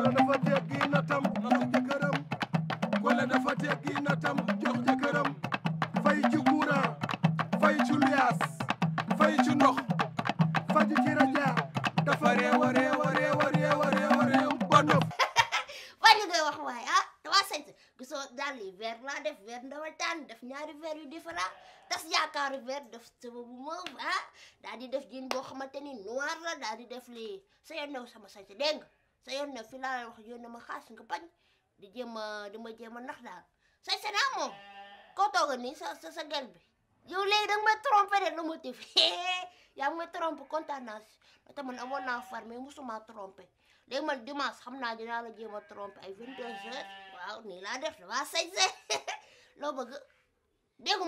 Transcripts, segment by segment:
Colle dafa teggi natam jox jëkkëram Colle dafa teggi natam jox jëkkëram fay ci courant fay ci luyaas fay ci ndox faju ci raja dafa réew a réew a réew a réew a réew wax waay ah dama sant gisoo daal yi weer laa def weer ndawal taan def ñaari weer yu différent tas yaakaaru weer def sama bu moof ah daal def jiin boo xamante ni noir la daal lii sa yenn sama sant dégg nga sa yoon ne fi laa wax yoon na ma xaas nga bañ di jéem di ma jéem a nax daal sa naa moom koo tooga nii sa sa gel bi yow léegi danga may trompé de le motif yaa ngi may trompé kontaan naa si te man amoon naa far mais musuma trompé léegi man xam naa dinaa la jéem a trompé ay 22 heures waaw nii laa def damaa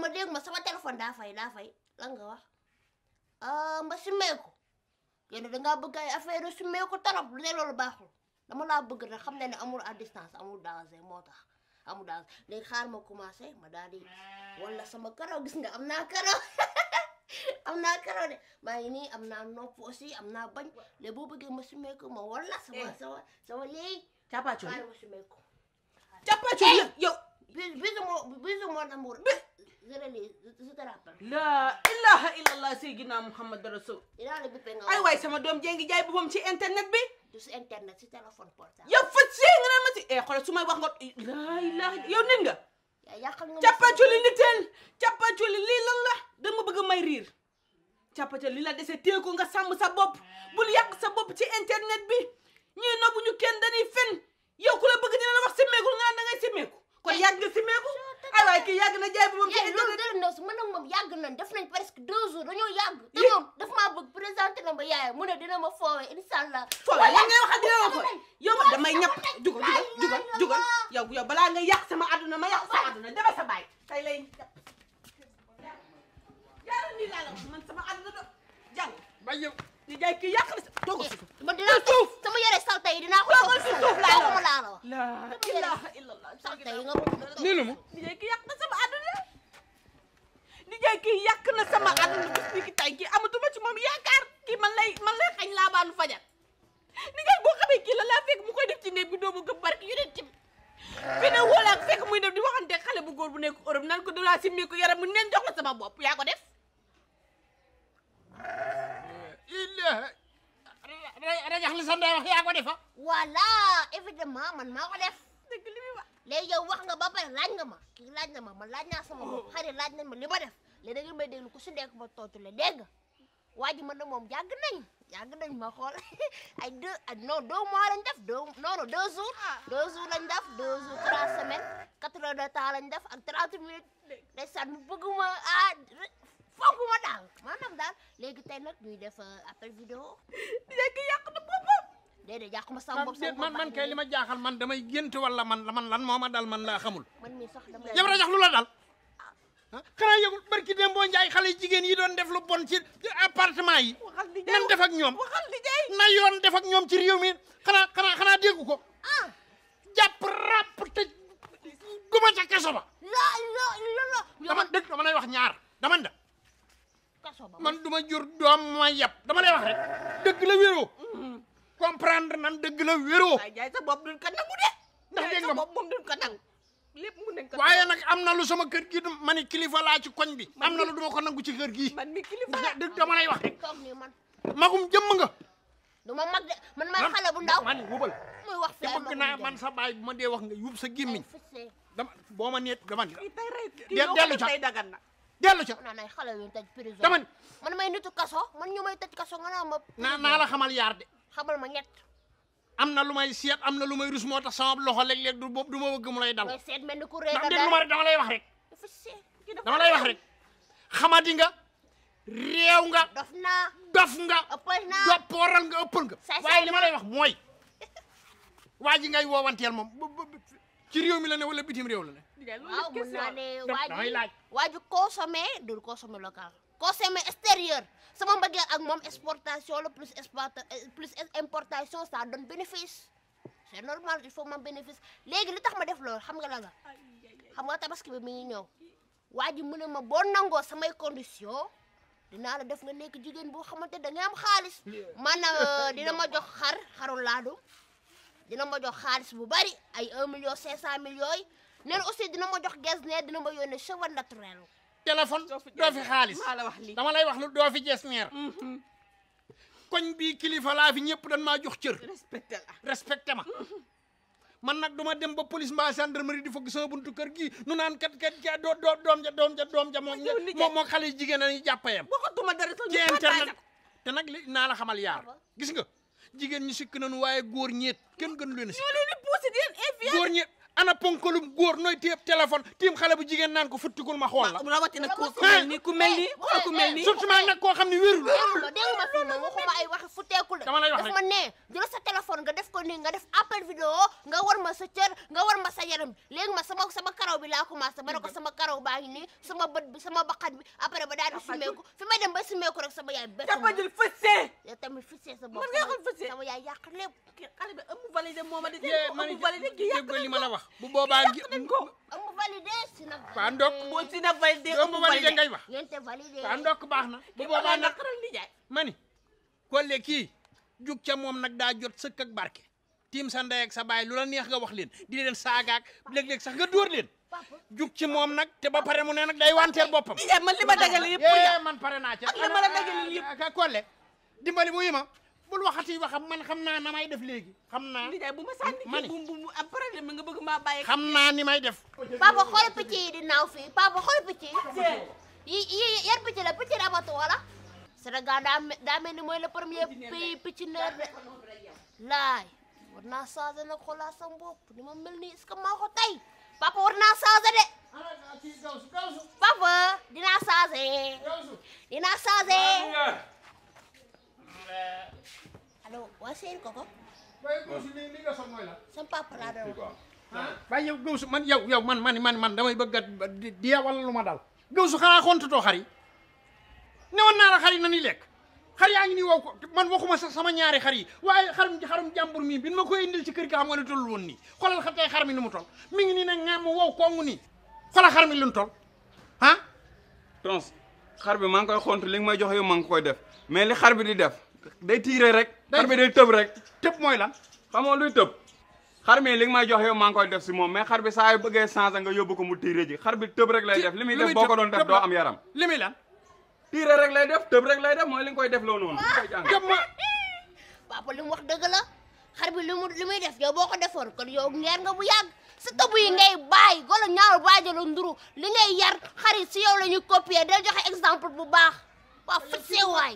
ma déggu ma sama téléphone daa fay daa fay lan nga wax ah, ma yéen dangaa bëgg ay affaire yu sumee ko torop lu ne loolu baaxul dama laa bëgg rek xam ne ne amul à distance amul danger moo tax amul danger léegi xaar ma commencé ma daal di wala sama karaw gis nga am naa karaw am naa karaw de maa ngi nii am naa nopp aussi am naa bañ léegi boo bëggee ma sumee ko ma wala sama eh. sama sama léegi. cappaacoli Без, безумовно, безумовно, Мур. Zerali, Zutarapa. La ilaha illallah sayyidina Muhammad Rasul. Ilaha bi penga. Ay waay sama doom jee ngi jaay boppam ci internet bi. Du si internet si téléphone portable. Yow fa si nga naan ma si eh xoolal su may wax nga la ilaha yow nit nga. Yaa yàqal nga. Cappaculi li teel cappaculi lii lan la dama bëgg may riir. Cappaculi li la dese téye ko nga sàmm sa bopp bul yàq sa bopp ci internet bi ñii nobu ñu kenn dañuy fen. xoolal yaa ngay waxal dina yow ma damay ñapp nga yàq sama àdduna ma yàq sa àdduna deme sa baay tey lay yàlla nii laa la man sama àdduna do jàng ba yow di jaay kii yàq eh, si suuf ma dinaa ko toogal si laa la wax la ilaha di jaay kii yàq na sama àdduna di jaay kii yàq na sama àdduna bis ni ki tey kii amatuma ci moom yaakaar kii man lay man lay xañ laa baanu fajar ni nga boo xamee kii la laa mu koy def ci néeg bi doomu gëm barke yu ne ci fene wóolaak fekk muy def di waxante xale bu góor bu nekk na naan ko dalaa simmi ko yaram mu neen jox la sama bopp yaa ko def rajax li sa ndey defa ah. voilà man maa ko def dëgg li muy wax nga ba pare laaj nga ma kii laaj na ma man laaj naa sama bopp xarit laaj nañ ma li ma def léegi da ngeen may déglu ku si nekk ma tontu la dégg nga waa ji man na moom jàgg nañ yaa ngi ma xool ay deux non deux mois lañ def deux non non deux jours. deux jours lañ def deux de temps lañ def ak trente minutes. ndeysaan mu bëgg ma ah fonk ma daal maanaam daal léegi tey nag ñuy def appel vidéo. léegi yàq na boppam. déedéet yàq ma sama bopp sama man man kay li ma jaaxal man damay gént wala man lan moo ma dal man laa xamul. man sax damay yow rek lu la dal. Ah, xanaa yëgul barki dem boo njaay xale jigéen yi doon def lu bon ci appartement yi. waxal li nan def ak ñoom waxal li yoon def ak ñoom ci réew mi xanaa xanaa xanaa ko. ah jàpp ràpp te duma ca kaso ba. laa laa laa. dama dëgg dama lay wax ñaar dama nda. man duma jur doom ma yab dama lay wax rek dëgg la wéroo. Mm-hmm. comprendre nan dëgg la wéroo. waaw jaay sa bopp duñ ko nangu de. ndax dégg nga moom moom duñ ko nangu. lépp mun nañ ko waaye nag am na sama kër gi ma ni kilifa laa ci koñ bi am na lu duma ko nangu ci kër gi man mi kilifa laa dëgg dama lay wax rek toog man magum jëmm nga du ma mag de man may xale bu ndaw man wubal muy wax te bëgg naa man sa baay bu ma dee wax nga yub sa gémmiñ dama boo ma neet dama ni dellu ca dagan na dellu ca naa nay xale yu tëj prison dama ni man may nitu kaso man ñu may tëj kaso nga naa ma naa la xamal yaar de xamal ma ñett am na lu may seet am na lu may rus moo tax sama loxo léeg-léeg du boobu du ma bëgg mu lay dal. seet mel ni ku rëy dama ma lay wax rek. dama lay wax rek xamadi nga. réew nga. dof naa dof nga. ëppal naa doppooral nga ëppal nga. waaye li ma lay wax mooy. waa ji ngay woowanteel moom ci réew mi la ne wala bitim réew la ne. waaw mun naa ne waaju waaju consommé consommé extérieur sama mbëggeel ak moom exportation le plus export plus importation ça donne bénéfice c' normal il faut moom bénéfice léegi li tax ma def loolu xam nga la la xam nga tabaski bi mi ngi ñëw waa ji mu ne ma boo nangoo samay condition dinaa la def nga nekk jigéen boo xamante da nga am xaalis man euh, dina ma jox xar xarul laadum dina ma jox xaalis bu bari ay 1 million 500 mille yooyu neen aussi dina ma jox gaz ne dina ma yónnee cheveux naturel téléphone doo fi xaalis dama lay wax lu doo fi jees neer mm-hmm. koñ bii kilifa laa fi ñëpp dañ maa jox cër respecté la ma mm-hmm. man nag du ma dem ba police mbaa gendarmerie di fukki sama kër gi nu naan kat kat ja doo doo doom ja doom ja doom ja moom moo xale jigéen nañu jàppayam waxatuma dara ci internet te nag li naa la xamal yaar ah gis nga jigéen ñu sikk nañu waaye góor ñeet kenn gën leen a sikk ñoo leen di di leen góor ñeet ana ponkalum góor nooy téye téléphone tiim xale bu jigéen naan ko futtigul ma xool la rawatina eh, ku mel ni ku mel ni ku mel ni surtout eh, nag koo xam ne wérul non non waxuma ay wax futeeku la daf ma ne jël sa téléphone nga def ko nii nga def appel vidéo nga war ma sa cër nga war ma sa yaram léegi ma sama sama karaw bi laa commencé ma ne ko sama karaw baa ngi nii sama bët bi sama baqat bi après ba daal di sumeeku fi may dem ba sumeeku rek sama yaay bett ma jël fësee yow tamit fësee sa bopp man nga xam fësee sama yaay yàq lépp xale bi ëmb validé moo ma di ëmb validé gi yàq nañ ko li ma la wax bu boobaa gi ëmb validé si na waa ndokk boo si na validé ëmb validé ngay wax yente validé waa ndokk baax na bu boobaa nag li jaay ma ni Collé kii jug ca moom nag daa jot sëkk ak barke tiim sa ndey ak sa baay lu la neex nga wax leen di leen saagaak léeg-léeg sax nga dóor leen jug ci moom nag te ba pare mu ne nag day wanteer boppam eh, man li ma dagale yëpp eh, man pare naa ca ak li ma la dagale yëpp ah, ah, ka Collé dimbali mu yi ma bul waxati waxam man xam naa na may def léegi xam naa li day bu ma sànni ma ni bu bu ab problème nga bëgg maa bàyyi xam naa ni may def papa xool picc yi di naaw fii papa xool picc yi yar picc la picc amatu wala Sénégal daa mel daa mel ni mooy le premier pays piccineur de laay war naa changé nag ko sa bopp ni ma mel nii est-ce que papa war naa changé de papa dinaa changé dinaa changé allo waa seen koko sama papa laa doon yow gawsu man yow yow man man man man damay bëgg a lu ma dal gawsu xanaa xontatoo xar yi newoon naa la xar yi na ni lekk xar yaa ngi nii wow ko man waxuma sax sama ñaari xar yi waaye xarum xarum jàmbur mii bin ma koy indil ci kër gi am nga ne toll woon nii xoolal xam tey xar mi ni mu mi ngi nii nag nga mu wow kongu nii xoolal xar mi lu mu toll ah tons xar bi maa ngi koy xont li nga may jox yow maa ngi koy def mais li xar bi di def day tiire rek xar rek tëb mooy lan xamoo luy tëb xar mi li nga may si moom mais xar bi saa yu bëggee changé nga yóbbu ko mu tiire ji xar bi tëb rek lay def li muy def boo ko doon def doo am yaram li muy lan tiire rek lay def tëb rek lay def mooy li nga koy def loo noonu. jëm ma li mu wax dëgg la xar bi li mu li muy def yow boo ko defoon kon yow ngeer nga bu yàgg si tëb yi ngay bàyyi golo ñaaw bàjjalo nduru li ngay yar xarit si yow la ñuy copier del joxe exemple bu baax ba fët see waay